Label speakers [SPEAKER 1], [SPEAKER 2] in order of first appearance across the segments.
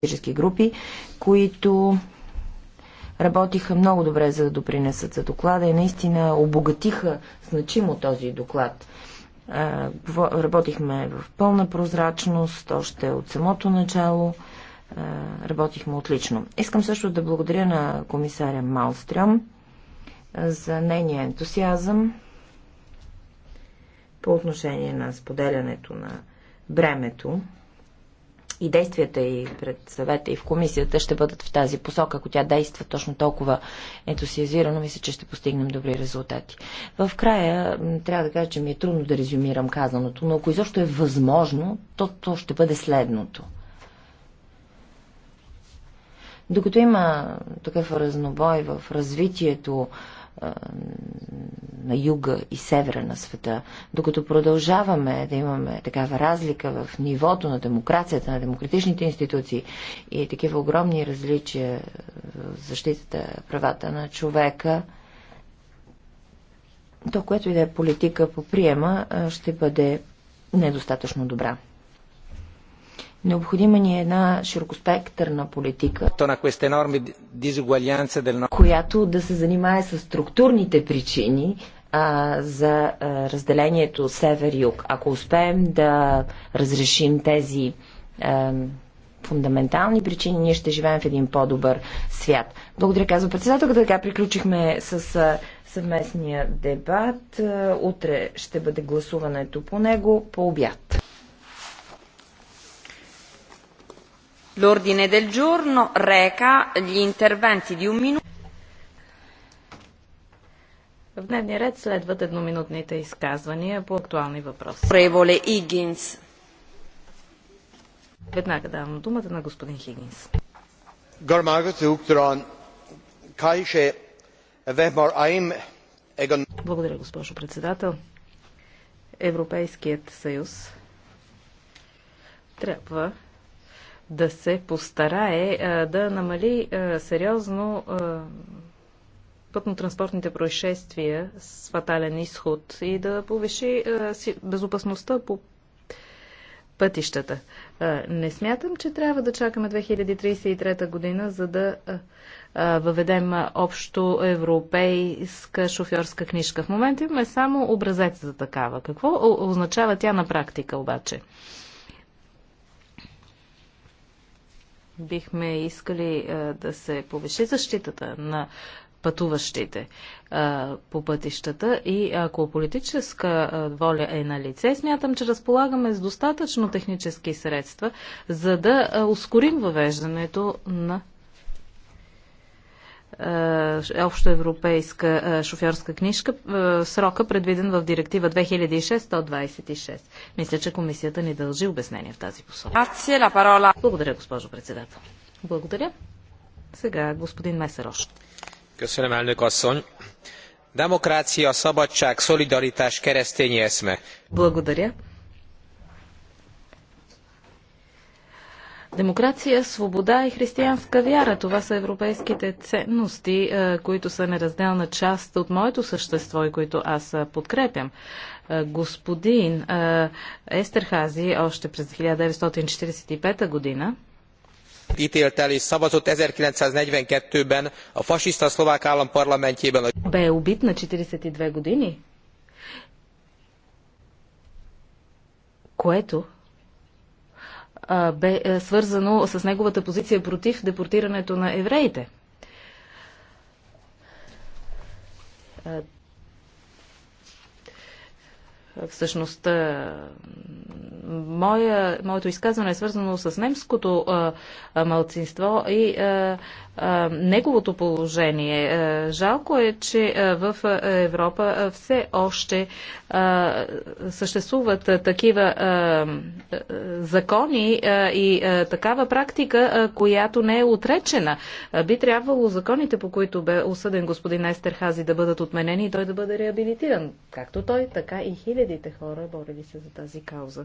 [SPEAKER 1] политически групи, които работиха много добре за да допринесат за доклада и наистина обогатиха значимо този доклад. Работихме в пълна прозрачност, още от самото начало. Работихме отлично. Искам също да благодаря на комисаря Малстрем за нейния ентусиазъм по отношение на споделянето на бремето и действията и пред съвета и в комисията ще бъдат в тази посока. Ако тя действа точно толкова ентусиазирано, мисля, че ще постигнем добри резултати. В края трябва да кажа, че ми е трудно да резюмирам казаното, но ако изобщо е възможно, то, то ще бъде следното. Докато има такъв разнобой в развитието на юга и севера на света, докато продължаваме да имаме такава разлика в нивото на демокрацията, на демократичните институции и такива огромни различия в защитата правата на човека, то, което и да е политика по приема, ще бъде недостатъчно добра. Необходима ни е една широкоспектърна политика, която да се занимае с структурните причини а, за а, разделението север-юг. Ако успеем да разрешим тези а, фундаментални причини, ние ще живеем в един по-добър свят. Благодаря, казва председател, Така приключихме с а, съвместния дебат. Утре ще бъде гласуването по него по обяд. L'ordine del giorno reca gli interventi di un minuto.
[SPEAKER 2] В дневния ред следват едноминутните изказвания по актуални въпроси. Преволе Игинс. Веднага давам думата на господин Хигинс. Благодаря, госпожо председател. Европейският съюз трябва да се постарае да намали сериозно пътно-транспортните происшествия с фатален изход и да повиши безопасността по пътищата. Не смятам, че трябва да чакаме 2033 година, за да въведем общо европейска шофьорска книжка. В момента имаме само образец за такава. Какво означава тя на практика обаче? Бихме искали да се повиши защитата на пътуващите а, по пътищата и ако политическа а, воля е на лице, смятам, че разполагаме с достатъчно технически средства, за да а, ускорим въвеждането на е, общоевропейска е, шофьорска книжка, е, срока предвиден в директива 2006-126. Мисля, че комисията ни дължи обяснение в тази посока. Благодаря, госпожо председател. Благодаря. Сега господин Месерош.
[SPEAKER 1] Köszönöm, elnök asszony.
[SPEAKER 2] Demokrácia, szabadság, szolidaritás, keresztény eszme. Благодаря. Демокрация, свобода и християнска вяра – това са европейските ценности, е, които са неразделна част от моето същество и които аз е, подкрепям. Е, господин Естерхази още през 1945 година ítélt el és szavazott 1942-ben a fasiszta szlovák Бе убит на 42 години, което бе е, свързано с неговата позиция против депортирането на евреите. Всъщност, Моя, моето изказване е свързано с немското а, мълцинство и а, а, неговото положение. А, жалко е, че а, в Европа а, все още а, съществуват а, такива а, закони а, и а, такава практика, а, която не е отречена. А, би трябвало законите, по които бе осъден господин Естерхази, да бъдат отменени и той да бъде реабилитиран. Както той, така и хилядите хора борели се за тази кауза.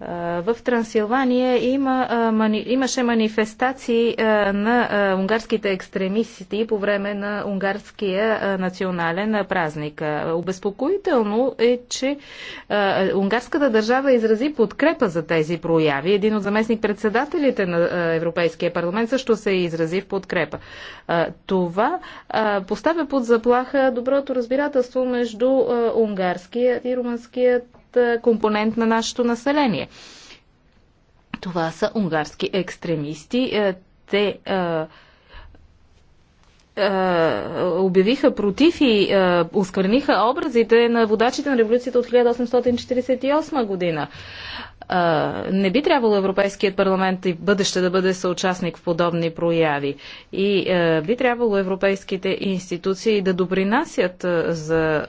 [SPEAKER 2] В Трансилвания има, мани, имаше манифестации на унгарските екстремисти по време на унгарския национален празник. Обезпокоително е, че унгарската държава изрази подкрепа за тези прояви. Един от заместник-председателите на Европейския парламент също се изрази в подкрепа. Това поставя под заплаха доброто разбирателство между унгарският и румънският е, компонент на нашето население. Това са унгарски екстремисти. Е, те е, обявиха против и а, образите на водачите на революцията от 1848 година не би трябвало Европейският парламент и в бъдеще да бъде съучастник в подобни прояви. И би трябвало европейските институции да допринасят за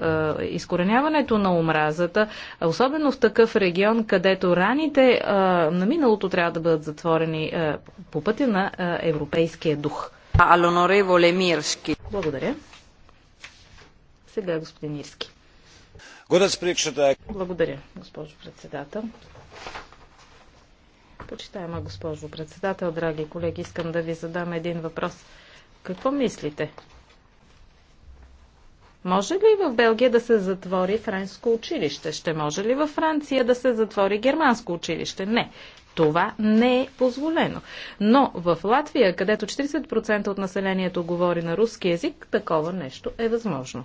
[SPEAKER 2] изкореняването на омразата, особено в такъв регион, където раните на миналото трябва да бъдат затворени по пътя на европейския дух. Благодаря. Сега господин Ирски. Благодаря, госпожо председател. Почитаема госпожо председател, драги колеги, искам да ви задам един въпрос. Какво мислите? Може ли в Белгия да се затвори френско училище? Ще може ли във Франция да се затвори германско училище? Не. Това не е позволено. Но в Латвия, където 40% от населението говори на руски язик, такова нещо е възможно.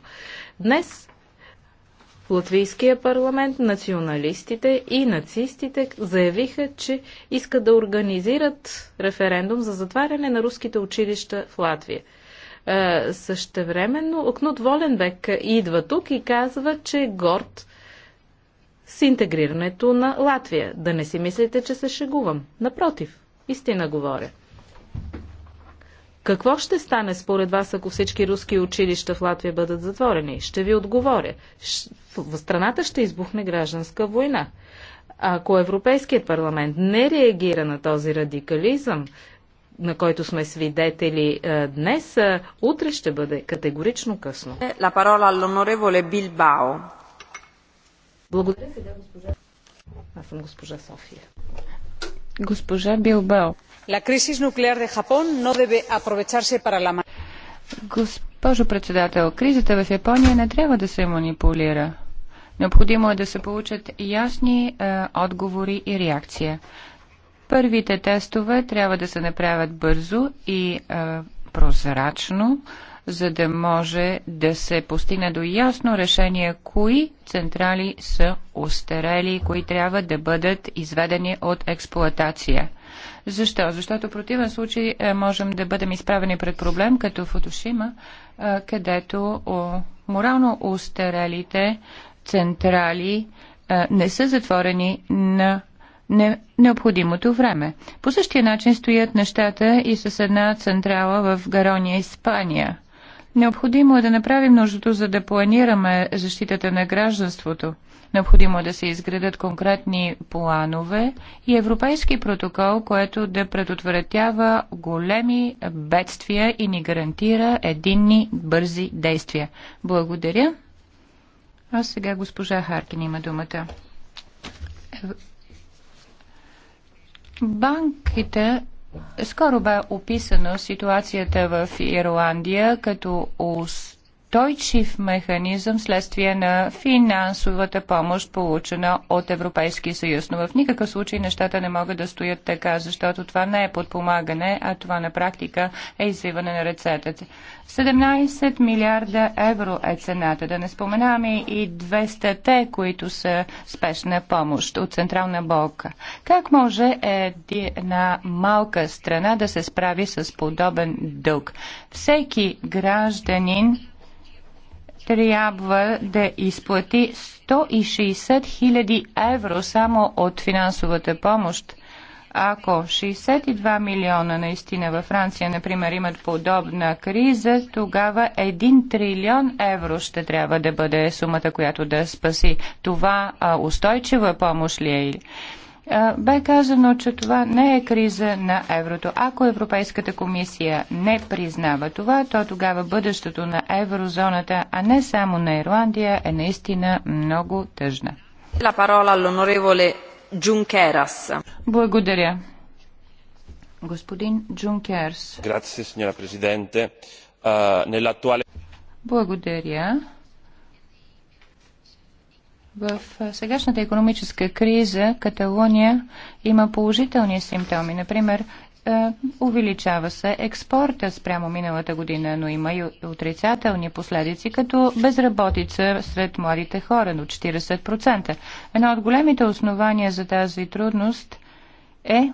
[SPEAKER 2] Днес Латвийския парламент, националистите и нацистите заявиха, че искат да организират референдум за затваряне на руските училища в Латвия. Е, същевременно Окнут Воленбек идва тук и казва, че е горд с интегрирането на Латвия. Да не си мислите, че се шегувам. Напротив, истина говоря. Какво ще стане според вас, ако всички руски училища в Латвия бъдат затворени? Ще ви отговоря. В страната ще избухне гражданска война. Ако Европейският парламент не реагира на този радикализъм, на който сме свидетели е, днес, е, утре ще бъде категорично късно.
[SPEAKER 3] Благодаря
[SPEAKER 1] сега, госпожа.
[SPEAKER 2] Аз съм госпожа София.
[SPEAKER 3] Госпожа Билбао.
[SPEAKER 2] La crisis nuclear de Japón no debe aprovecharse
[SPEAKER 3] para la... Госпожо председател, кризата в Япония не трябва да се манипулира. Необходимо е да се получат ясни е, отговори и реакция. Първите тестове трябва да се направят бързо и е, прозрачно за да може да се постигне до ясно решение кои централи са устарели, кои трябва да бъдат изведени от експлоатация. Защо? Защото в противен случай е, можем да бъдем изправени пред проблем, като Фотошима, е, където морално устарелите централи е, не са затворени на необходимото време. По същия начин стоят нещата и с една централа в Гарония, Испания – Необходимо е да направим нуждото, за да планираме защитата на гражданството. Необходимо е да се изградат конкретни планове и европейски протокол, което да предотвратява големи бедствия и ни гарантира единни бързи действия. Благодаря. А сега госпожа Харкин има думата. Е, Банките скоро бе описана ситуацията в Ирландия като ус устойчив механизъм следствие на финансовата помощ, получена от Европейския съюз. Но в никакъв случай нещата не могат да стоят така, защото това не е подпомагане, а това на практика е изливане на ръцете. 17 милиарда евро е цената. Да не споменаваме и 200-те, които са спешна помощ от Централна болка. Как може една малка страна да се справи с подобен дълг? Всеки гражданин трябва да изплати 160 000 евро само от финансовата помощ. Ако 62 милиона наистина във Франция, например, имат подобна криза, тогава 1 трилион евро ще трябва да бъде сумата, която да спаси. Това а, устойчива помощ ли е? Бе казано, че това не е криза на еврото. Ако Европейската комисия не признава това, то тогава бъдещето на еврозоната, а не само на Ирландия, е наистина много тъжна. Благодаря. Господин Джункерс. Благодаря. В сегашната економическа криза Каталуния има положителни симптоми. Например, увеличава се експорта спрямо миналата година, но има и отрицателни последици, като безработица сред младите хора до 40%. Едно от големите основания за тази трудност е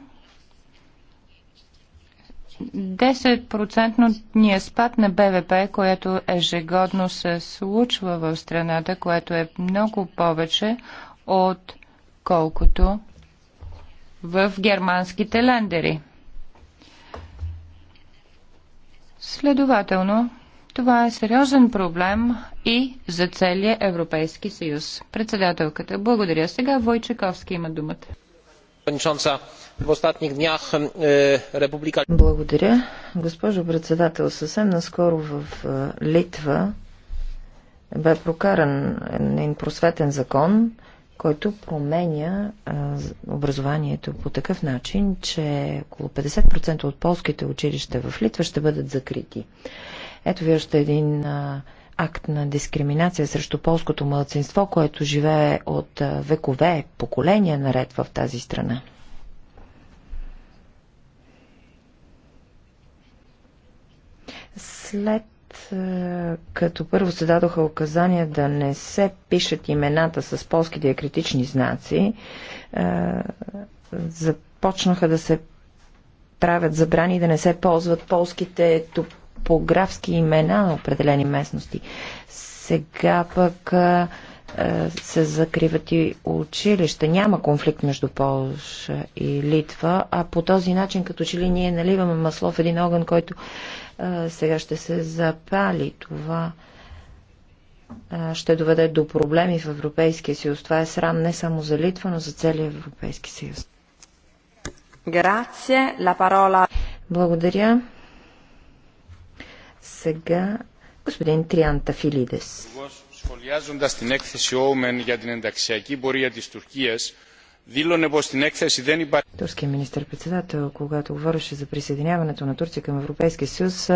[SPEAKER 3] 10 спад на БВП, което ежегодно се случва в страната, което е много повече от колкото в германските лендери. Следователно, това е сериозен проблем и за целия Европейски съюз. Председателката, благодаря. Сега Войчаковски има думата. E, Благодаря. Госпожо председател,
[SPEAKER 1] съвсем наскоро в е, Литва бе прокаран един просветен закон, който променя е, образованието по такъв начин, че около 50% от полските училища в Литва ще бъдат закрити. Ето ви още един а, е, акт на дискриминация срещу полското младсинство, което живее от векове, поколения наред в тази страна. След като първо се дадоха указания да не се пишат имената с полски диакритични знаци, започнаха да се правят забрани да не се ползват полските туп топографски имена на определени местности. Сега пък а, се закриват и училища. Няма конфликт между Польша и Литва, а по този начин, като че ли ние наливаме масло в един огън, който а, сега ще се запали. Това а, ще доведе до проблеми в Европейския съюз. Това е срам не само за Литва, но за целия Европейски съюз. Благодаря. Сега господин Трианта Филидес. Σχολιάζοντας την έκθεση Όουμεν για την ενταξιακή πορεία της Τουρκίας, δήλωνε πως στην έκθεση δεν υπάρχει... министр-председател, когато говореше за присъединяването на Турция към Европейския съюз,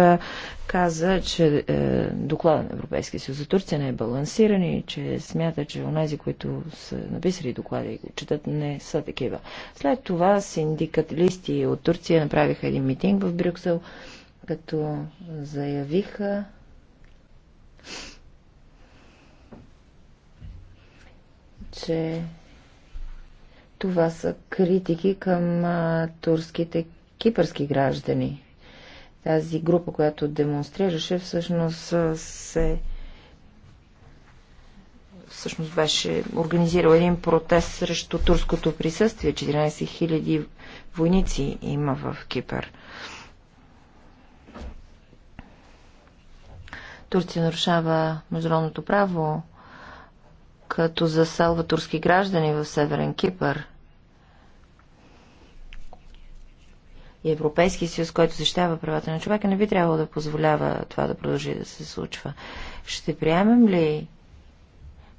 [SPEAKER 1] каза, че е, докладът на Европейския съюз за Турция не е балансиран и че смята, че онези, които са написали доклада и го четат, не са такива. След това синдикаталисти от Турция направиха един митинг в Брюксел, като заявиха, че това са критики към а, турските кипърски граждани. Тази група, която демонстрираше, всъщност се всъщност беше организирал един протест срещу турското присъствие. 14 000 войници има в Кипър. Турция нарушава международното право, като заселва турски граждани в Северен Кипър. И Европейския съюз, който защитава правата на човека, не би трябвало да позволява това да продължи да се случва. Ще приемем ли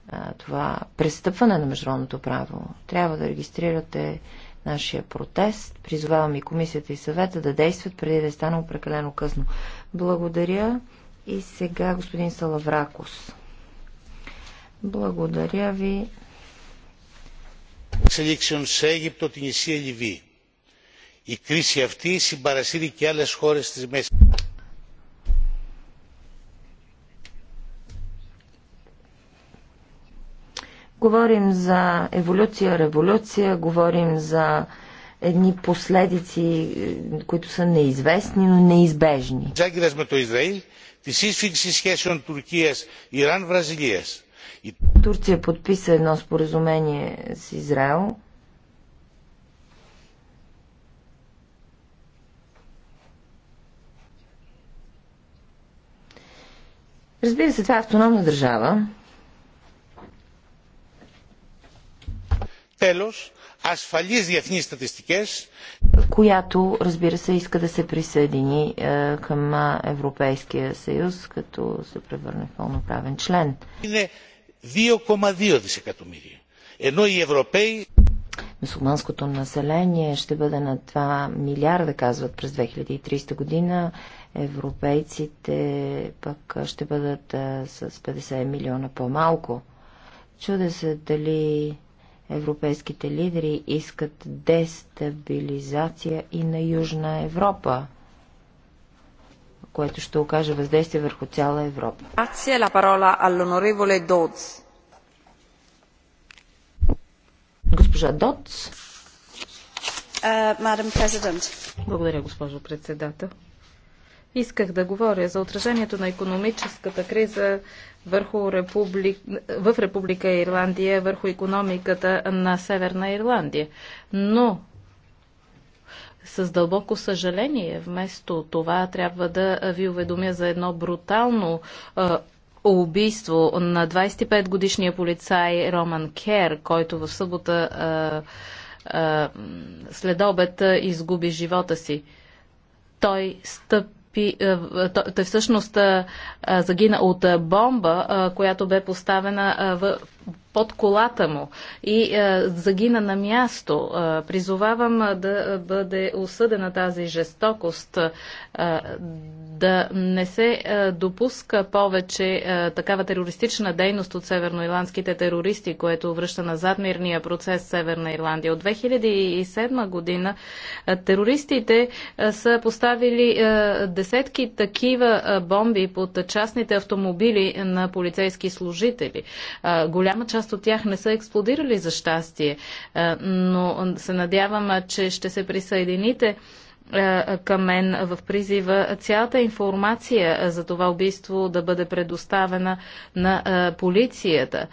[SPEAKER 1] а, това престъпване на международното право? Трябва да регистрирате нашия протест. Призовавам и комисията и съвета да действат преди да е станало прекалено късно. Благодаря. И сега господин Салавракос. Благодаря ви.
[SPEAKER 2] Εξελίξεων σε Αίγυπτο, την Ισία Λιβύη. Η κρίση αυτή συμπαρασύρει και άλλες χώρες της Μέσης.
[SPEAKER 1] Говорим за еволюция, революция, говорим за едни последици, които са неизвестни, но неизбежни.
[SPEAKER 2] Джагирас ме то Израил τη σύσφυξη σχέσεων Τουρκία Ιράν-Βραζιλία.
[SPEAKER 1] Турция подписа едно споразумение с Ισραήλ. Разбира се, това е автономна държава.
[SPEAKER 2] Τέλος, ασφαλείς διεθνείς статистике.
[SPEAKER 1] която, разбира се, иска да се присъедини е, към Европейския съюз, като се превърне в пълноправен член.
[SPEAKER 2] Είναι 2,2
[SPEAKER 1] Мусулманското население ще бъде на 2 милиарда, казват през 2030 година. Европейците пък ще бъдат е, с 50 милиона по-малко. Чуде се дали Европейските лидери искат дестабилизация и на Южна Европа, което ще окаже въздействие върху цяла Европа. Госпожа Доц.
[SPEAKER 2] Uh, Благодаря, госпожо председател. Исках да говоря за отражението на економическата криза върху републик... в Република Ирландия, върху економиката на Северна Ирландия. Но с дълбоко съжаление, вместо това трябва да ви уведомя за едно брутално убийство на 25-годишния полицай Роман Кер, който в събота а, след обед изгуби живота си. Той стъп Пи е, той всъщност е, е, загина от бомба, която бе поставена в под колата му и а, е, загина на място. А, е, призовавам е, да бъде осъдена тази жестокост, а, да не се а, допуска повече а, такава терористична дейност от северноирландските терористи, което връща назад мирния процес в Северна Ирландия. От 2007 година а, терористите а, са поставили а, десетки такива а, бомби под частните автомобили на полицейски служители. А, голям Голяма част от тях не са експлодирали за щастие, е, но се надявам, че ще се присъедините е, към мен в призива цялата информация е, за това убийство да бъде предоставена на полицията.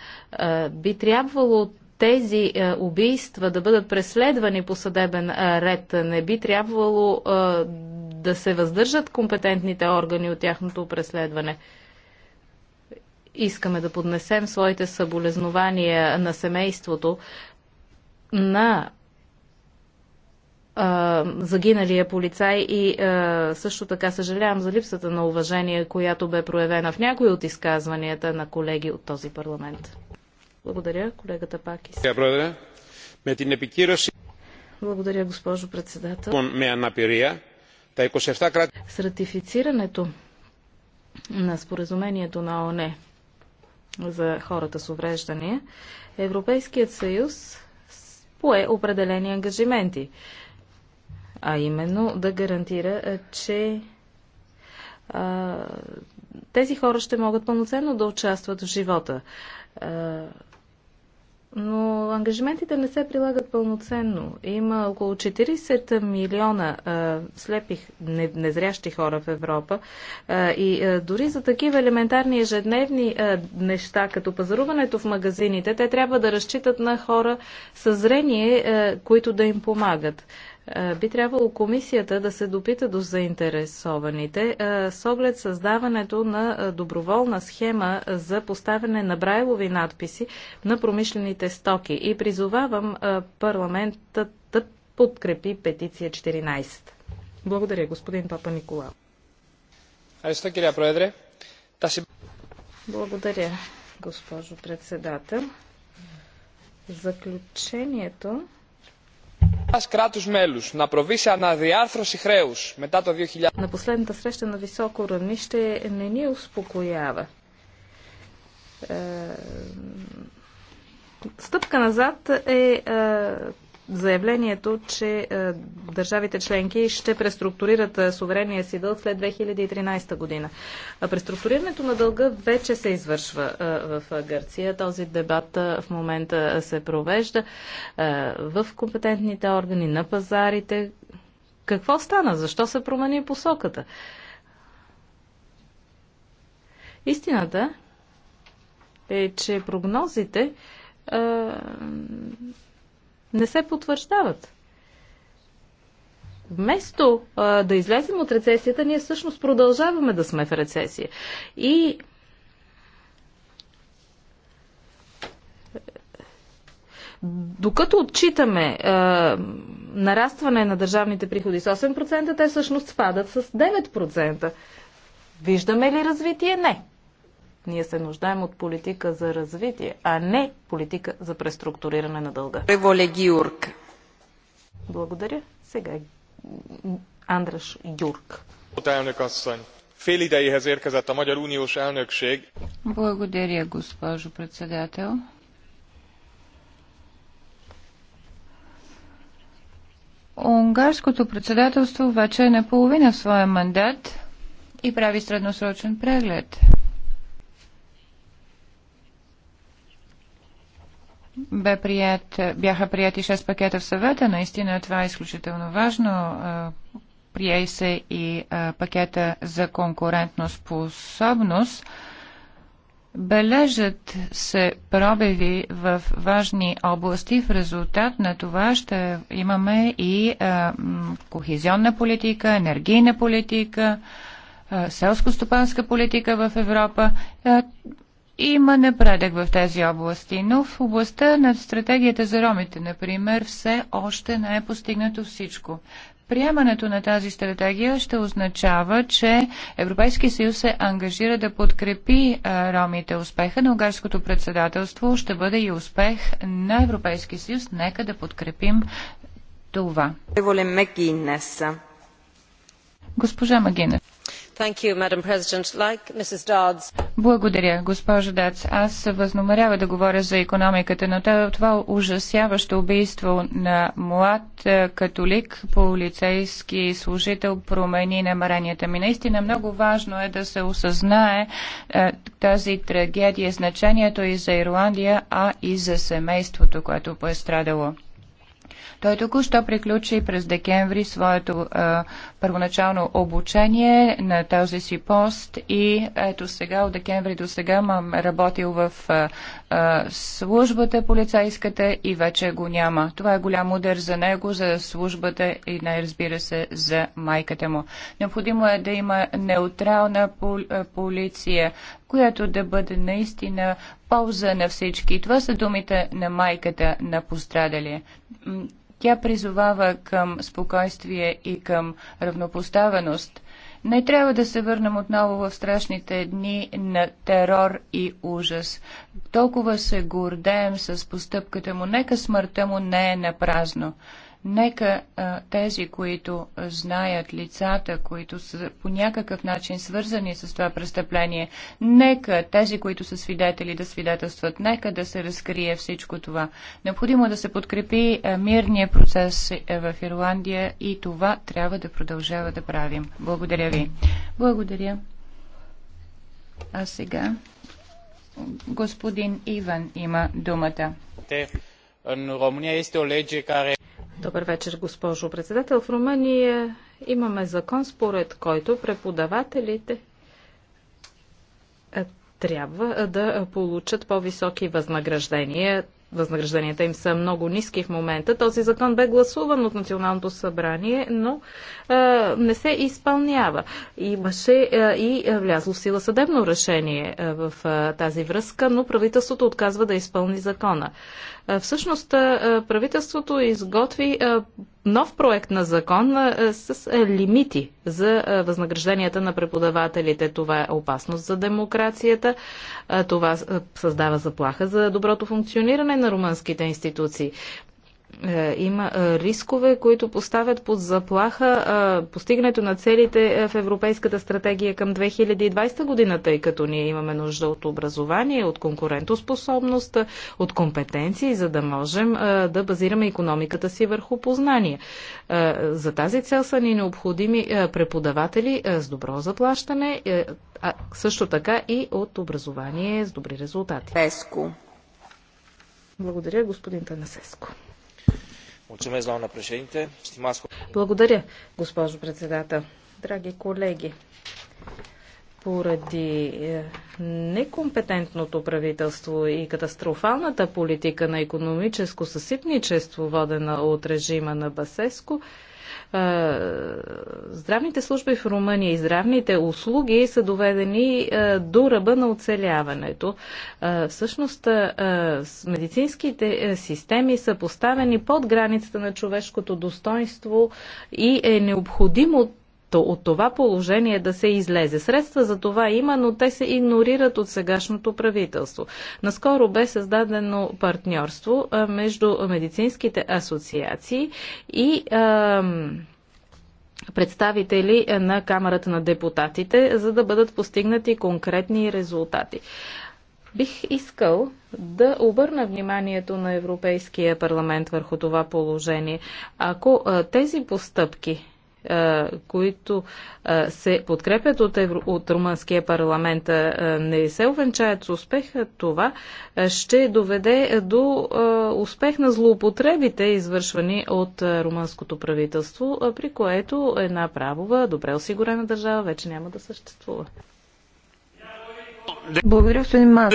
[SPEAKER 2] Би трябвало тези убийства да бъдат преследвани по съдебен ред. Не би трябвало да се въздържат компетентните органи от тяхното преследване искаме да поднесем своите съболезнования на семейството на а, загиналия полицай и а, също така съжалявам за липсата на уважение, която бе проявена в някои от изказванията на колеги от този парламент. Благодаря, колегата Пакис. Благодаря, госпожо председател. С ратифицирането на споразумението на ОНЕ за хората с увреждания, Европейският съюз пое определени ангажименти, а именно да гарантира, че а, тези хора ще могат пълноценно да участват в живота. А, но ангажиментите не се прилагат пълноценно. Има около 40 милиона а, слепи, не, незрящи хора в Европа а, и а, дори за такива елементарни ежедневни а, неща, като пазаруването в магазините, те трябва да разчитат на хора със зрение, а, които да им помагат. Е, би трябвало комисията да се допита до заинтересованите е, с оглед създаването на е, доброволна схема за поставяне на брайлови надписи на промишлените стоки. И призовавам парламентът да подкрепи петиция 14. Благодаря, господин Папа Николао. Благодаря, госпожо председател. Заключението на последната среща на високо равнище не ни успокоява. Е, стъпка назад е, е заявлението, че е, държавите членки ще преструктурират е, суверения си дълг след 2013 година. Преструктурирането на дълга вече се извършва е, в Гърция. Този дебат в момента се провежда в компетентните органи, на пазарите. Какво стана? Защо се промени посоката? Истината е, че прогнозите не се потвърждават. Вместо а, да излезем от рецесията, ние всъщност продължаваме да сме в рецесия. И докато отчитаме а, нарастване на държавните приходи с 8%, те всъщност спадат с 9%. Виждаме ли развитие? Не. Ние се нуждаем от политика за развитие, а не политика за преструктуриране на дълга. Благодаря.
[SPEAKER 3] Сега е Андраш Гюрк. Благодаря, госпожо председател. Унгарското председателство вече е наполовина в своя мандат и прави средносрочен преглед. бе прият, бяха прияти 6 пакета в съвета. Наистина това е изключително важно. Прие се и пакета за конкурентно способност. Бележат се пробиви в важни области. В резултат на това ще имаме и кохезионна политика, енергийна политика, селско-стопанска политика в Европа. Има напредък в тези области, но в областта на стратегията за ромите, например, все още не е постигнато всичко. Приемането на тази стратегия ще означава, че Европейски съюз се ангажира да подкрепи ромите. Успеха на унгарското председателство ще бъде и успех на Европейски съюз. Нека да подкрепим това. Госпожа Магинес. Благодаря, госпожо Дац. Аз възнамерява да говоря за економиката, но е това ужасяващо убийство на млад е, католик полицейски служител промени намеренията ми. Наистина много важно е да се осъзнае е, тази трагедия, значението и за Ирландия, а и за семейството, което пострадало. Е той току-що приключи през декември своето а, първоначално обучение на този си пост и ето сега, от декември до сега, мам работил в а, а, службата полицейската и вече го няма. Това е голям удар за него, за службата и най разбира се за майката му. Необходимо е да има неутрална пол, полиция, която да бъде наистина полза на всички. Това са думите на майката на пострадалия. Тя призовава към спокойствие и към равнопоставеност. Не трябва да се върнем отново в страшните дни на терор и ужас. Толкова се гордеем с постъпката му, нека смъртта му не е напразно. празно. Нека а, тези, които знаят лицата, които са по някакъв начин свързани с това престъпление, нека тези, които са свидетели да свидетелстват, нека да се разкрие всичко това. Необходимо е да се подкрепи а, мирния процес а, е, в Ирландия и това трябва да продължава да правим. Благодаря ви. Благодаря. А сега господин Иван има думата în Добър вечер, госпожо
[SPEAKER 2] председател. В Румъния имаме закон, според който преподавателите е, трябва е, да е, получат по-високи възнаграждения, възнагражденията им са много ниски в момента. Този закон бе гласуван от Националното събрание, но а, не се изпълнява. Имаше а, и влязло в сила съдебно решение а, в а, тази връзка, но правителството отказва да изпълни закона. А, всъщност а, правителството изготви а, нов проект на закон а, с а, лимити за а, възнагражденията на преподавателите. Това е опасност за демокрацията, А, това а, създава заплаха за доброто функциониране на румънските институции. Е, има е, рискове, които поставят под заплаха е, постигането на целите в Европейската стратегия към 2020 година, тъй като ние имаме нужда от образование, от конкурентоспособност, от компетенции, за да можем да базираме економиката си върху познания. За тази цел са ни необходими преподаватели с добро заплащане, а също така и от образование с добри резултати. Благодаря, господин Танасеско. Благодаря, госпожо председател. Драги колеги, поради е, некомпетентното правителство и катастрофалната политика на економическо съсипничество, водена от режима на Басеско, е, здравните служби в Румъния и здравните услуги са доведени е, до ръба на оцеляването. Е, всъщност, медицинските системи са поставени под границата на човешкото достоинство и е необходимо то от това положение да се излезе. Средства за това има, но те се игнорират от сегашното правителство. Наскоро бе създадено партньорство между медицинските асоциации и представители на Камерата на депутатите, за да бъдат постигнати конкретни резултати. Бих искал да обърна вниманието на Европейския парламент върху това положение. Ако тези постъпки е, които е, се подкрепят от, Евро... от румънския парламент, е, не се увенчаят с успех, това ще доведе до успех на злоупотребите, извършвани от румънското правителство, при което една правова, добре осигурена държава вече няма да съществува.
[SPEAKER 1] Благодаря, господин Мас.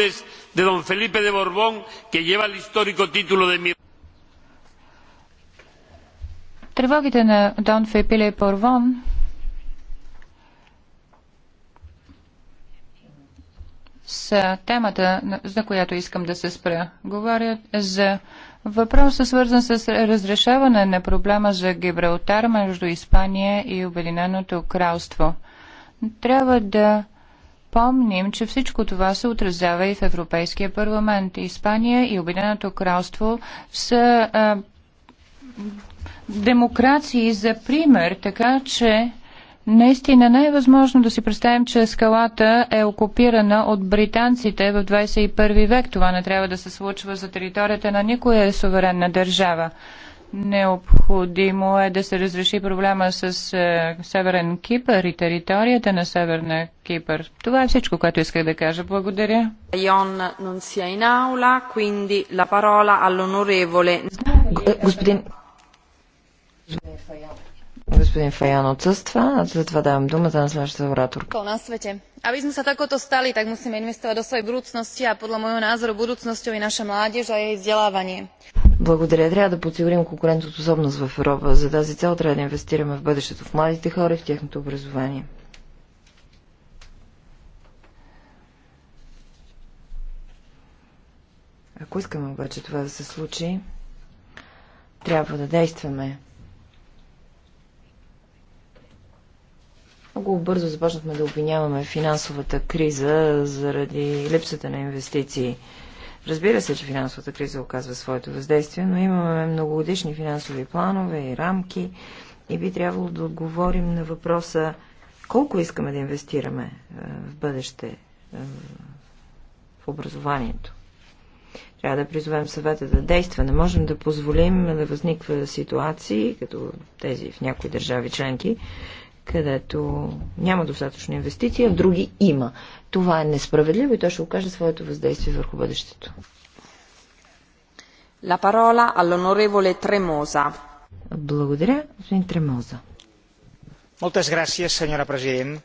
[SPEAKER 3] Тревогите на Дон Фепиле Порвон с темата, за която искам да се спра. Говоря за въпроса, свързан с разрешаване на проблема за Гибралтар между Испания и Обединеното кралство. Трябва да помним, че всичко това се отразява и в Европейския парламент. Испания и Обединеното кралство са а, демокрации за пример, така че Наистина не е възможно да си представим, че скалата е окупирана от британците в 21 век. Това не трябва да се случва за територията на никоя суверенна държава. Необходимо е да се разреши проблема с е, Северен Кипър и територията на Северна Кипър. Това е всичко, което исках да кажа. Благодаря. Господин
[SPEAKER 1] Господин Фаян отсъства, затова давам думата на следващата ораторка. На свете. Aby sme sa takoto stali, tak musíme investovať do svojej budúcnosti a podľa môjho názoru budúcnosťou je naša mládež a jej vzdelávanie. Благодаря. Трябва да подсигурим конкурентоспособност в Европа. За тази цел трябва да инвестираме в бъдещето в младите хора и в тяхното образование. Ако искаме обаче това да се случи, трябва да действаме Много бързо започнахме да обвиняваме финансовата криза заради липсата на инвестиции. Разбира се, че финансовата криза оказва своето въздействие, но имаме многогодишни финансови планове и рамки и би трябвало да отговорим на въпроса колко искаме да инвестираме е, в бъдеще е, в образованието. Трябва да призовем съвета да действа. Не можем да позволим да възниква ситуации, като тези в някои държави членки, където няма достатъчно инвестиции, а в други има. Това е несправедливо и то ще окаже своето въздействие върху бъдещето. La parola all'onorevole Tremosa. Благодаря, господин Тремоза. Moltes gràcies, senyora president.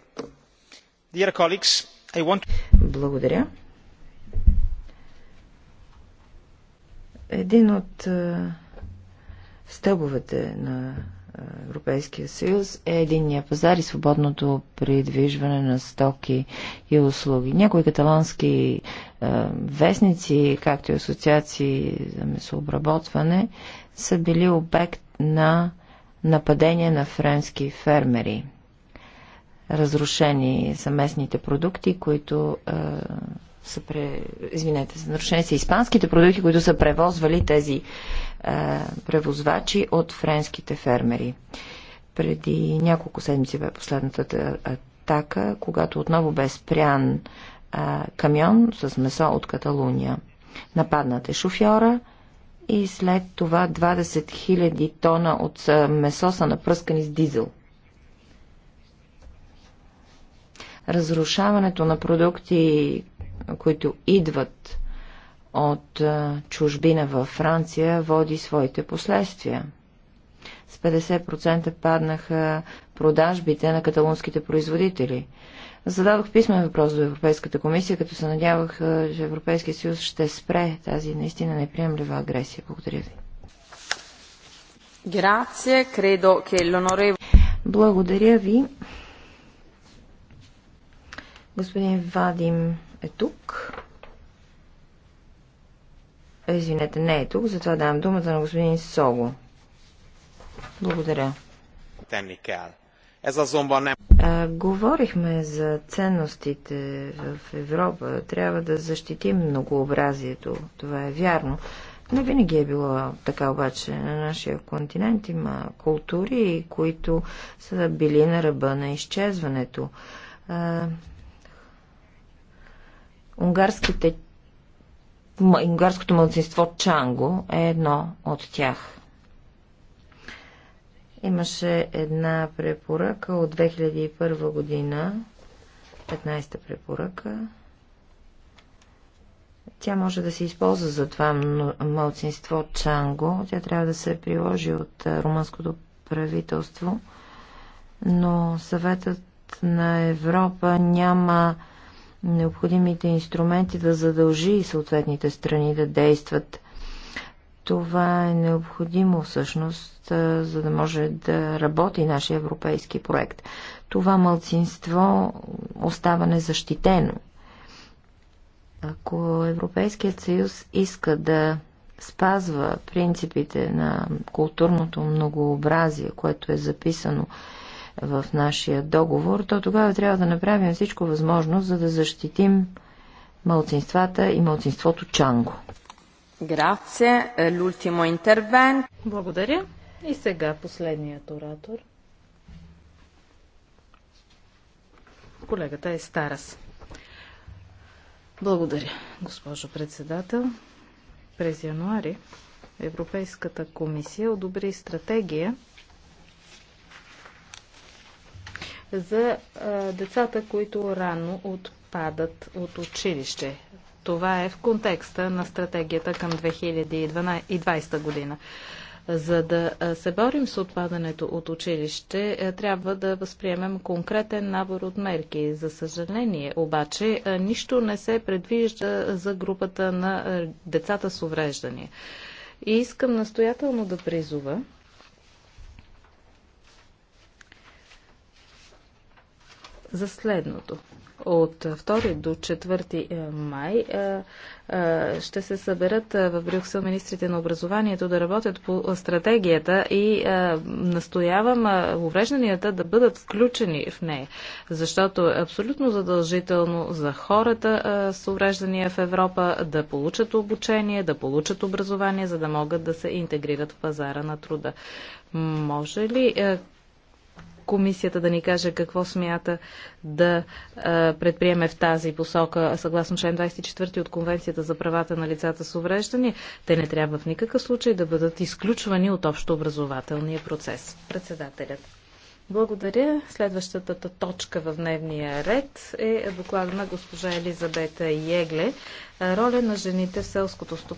[SPEAKER 1] Dear colleagues, I want... Благодаря. Един от стълбовете на Европейския съюз е единния пазар и свободното придвижване на стоки и услуги. Някои каталански е, вестници, както и асоциации за месообработване, са били обект на нападения на френски фермери. Разрушени са местните продукти, които е, са, пре... извинете, нарушени са испанските продукти, които са превозвали тези е, превозвачи от френските фермери. Преди няколко седмици бе последната атака, когато отново бе спрян а, е, камион с месо от Каталуния. Нападнат е шофьора и след това 20 000 тона от е, месо са напръскани с дизел. Разрушаването на продукти, които идват от чужбина във Франция води своите последствия. С 50% паднаха продажбите на каталунските производители. Зададох писмен въпрос до Европейската комисия, като се надявах, че Европейския съюз ще спре тази наистина неприемлива агресия. Благодаря ви. Благодаря ви. Господин Вадим е тук. Извинете, не е тук, затова давам думата на господин Сого. Благодаря. А, говорихме за ценностите в Европа. Трябва да защитим многообразието. Това е вярно. Не винаги е било така обаче. На нашия континент има култури, които са били на ръба на изчезването. А, унгарските Ингарското младсинство Чанго е едно от тях. Имаше една препоръка от 2001 година, 15-та препоръка. Тя може да се използва за това мълцинство Чанго. Тя трябва да се приложи от румънското правителство, но съветът на Европа няма необходимите инструменти да задължи и съответните страни да действат. Това е необходимо всъщност, за да може да работи нашия европейски проект. Това мълцинство остава незащитено. Ако Европейският съюз иска да спазва принципите на културното многообразие, което е записано в нашия договор, то тогава трябва да направим всичко възможно, за да защитим малцинствата и малцинството Чанго.
[SPEAKER 2] Е, Благодаря. И сега последният оратор. Колегата е Старас. Благодаря, госпожо председател. През януари Европейската комисия одобри стратегия за децата, които рано отпадат от училище. Това е в контекста на стратегията към 2020 година. За да се борим с отпадането от училище, трябва да възприемем конкретен набор от мерки. За съжаление, обаче, нищо не се предвижда за групата на децата с увреждания. И искам настоятелно да призова за следното. От 2 до 4 е, май е, е, ще се съберат в Брюксел министрите на образованието да работят по стратегията и настоявам уврежданията да бъдат включени в нея, защото е абсолютно задължително за хората с увреждания в Европа да получат обучение, да получат образование, за да могат да се интегрират в пазара на труда. Може ли комисията да ни каже какво смята да предприеме в тази посока, съгласно член 24 от Конвенцията за правата на лицата с увреждания, те не трябва в никакъв случай да бъдат изключвани от общообразователния процес. Председателят. Благодаря. Следващата точка в дневния ред е доклада на госпожа Елизабета Егле. Роля на жените в селското стопанство.